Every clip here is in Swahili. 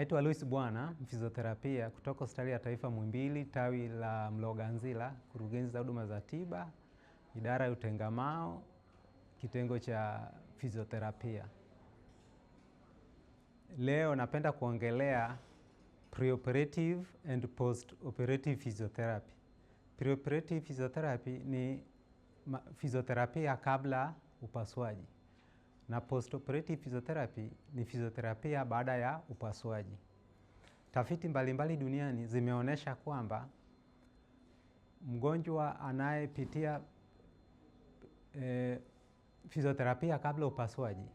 Naitwa Louis Bwana, mfizioterapia kutoka Hospitali ya Taifa Muhimbili, tawi la Mloganzila, kurugenzi za huduma za tiba, idara ya utengamao, kitengo cha fizioterapia. Leo napenda kuongelea preoperative and postoperative physiotherapy. Preoperative physiotherapy ni fizioterapia kabla upasuaji na postoperative physiotherapy ni fizioterapia baada ya upasuaji. Tafiti mbalimbali mbali duniani zimeonyesha kwamba mgonjwa anayepitia e, eh, fizioterapia kabla upasuaji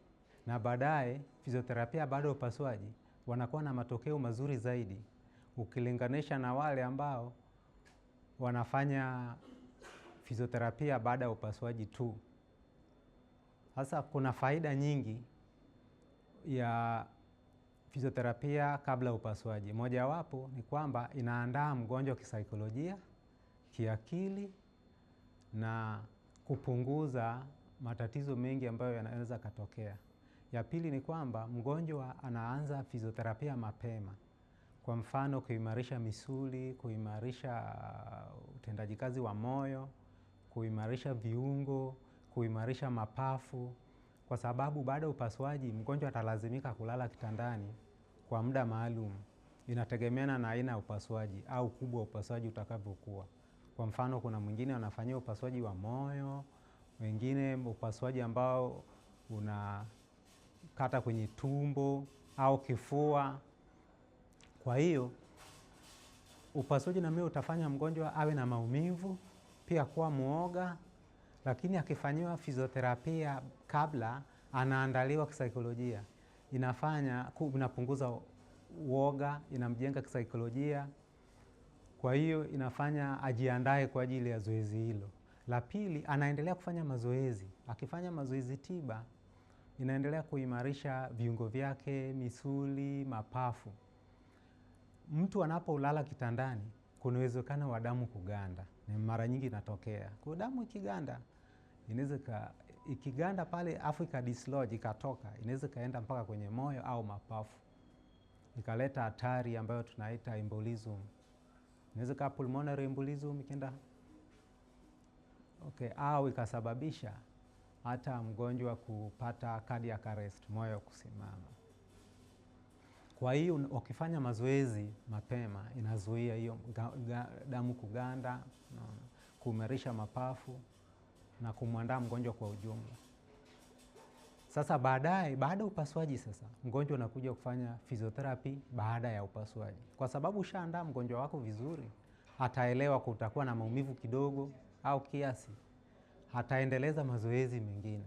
na baadaye fizioterapia baada ya upasuaji wanakuwa na matokeo mazuri zaidi ukilinganisha na wale ambao wanafanya fizioterapia baada ya upasuaji tu. Sasa kuna faida nyingi ya fizioterapia kabla ya upasuaji. Mojawapo ni kwamba inaandaa mgonjwa kisaikolojia, kiakili na kupunguza matatizo mengi ambayo yanaweza katokea. Ya pili ni kwamba mgonjwa anaanza fizioterapia mapema. Kwa mfano kuimarisha misuli, kuimarisha utendaji kazi wa moyo, kuimarisha viungo kuimarisha mapafu, kwa sababu baada ya upasuaji mgonjwa atalazimika kulala kitandani kwa muda maalum. Inategemeana na aina ya upasuaji au kubwa upasuaji utakavyokuwa. Kwa mfano, kuna mwingine anafanyia upasuaji wa moyo, wengine upasuaji ambao unakata kwenye tumbo au kifua. Kwa hiyo upasuaji mimi utafanya mgonjwa awe na maumivu, pia kuwa mwoga lakini akifanyiwa fizioterapia kabla, anaandaliwa kisaikolojia, inafanya inapunguza uoga, inamjenga kisaikolojia. Kwa hiyo inafanya ajiandae kwa ajili ya zoezi hilo. La pili, anaendelea kufanya mazoezi. Akifanya mazoezi tiba, inaendelea kuimarisha viungo vyake, misuli, mapafu. Mtu anapolala kitandani, kuna uwezekano wa damu kuganda, na mara nyingi inatokea kwa damu ikiganda inaweza ikiganda pale afu ika dislodge ikatoka, inaweza ikaenda mpaka kwenye moyo au mapafu, ikaleta hatari ambayo tunaita embolism. Inaweza ka pulmonary embolism ikienda okay, au ikasababisha hata mgonjwa kupata cardiac arrest, moyo kusimama. Kwa hiyo ukifanya mazoezi mapema inazuia hiyo damu kuganda, kuimarisha mapafu na kumwandaa mgonjwa kwa ujumla. Sasa baadaye, baada ya upasuaji, sasa mgonjwa unakuja kufanya physiotherapy baada ya upasuaji, kwa sababu ushaandaa mgonjwa wako vizuri. Ataelewa kutakuwa na maumivu kidogo au kiasi, ataendeleza mazoezi mengine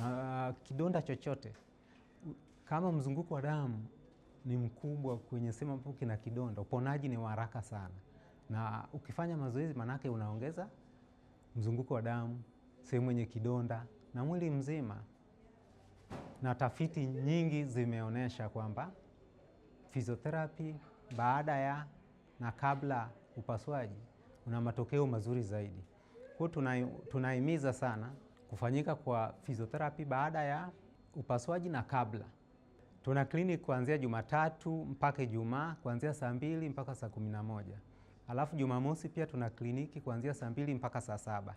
na kidonda chochote. Kama mzunguko wa damu ni mkubwa kwenye sehemu ambapo kina kidonda, uponaji ni wa haraka sana, na ukifanya mazoezi, manake unaongeza mzunguko wa damu, sehemu yenye kidonda na mwili mzima. Na tafiti nyingi zimeonyesha kwamba physiotherapy baada ya na kabla upasuaji una matokeo mazuri zaidi. Kwa tunahimiza sana kufanyika kwa physiotherapy baada ya upasuaji na kabla. Tuna kliniki kuanzia Jumatatu mpaka Ijumaa, kuanzia saa mbili mpaka saa kumi na moja. Alafu Jumamosi pia tuna kliniki kuanzia saa mbili mpaka saa saba.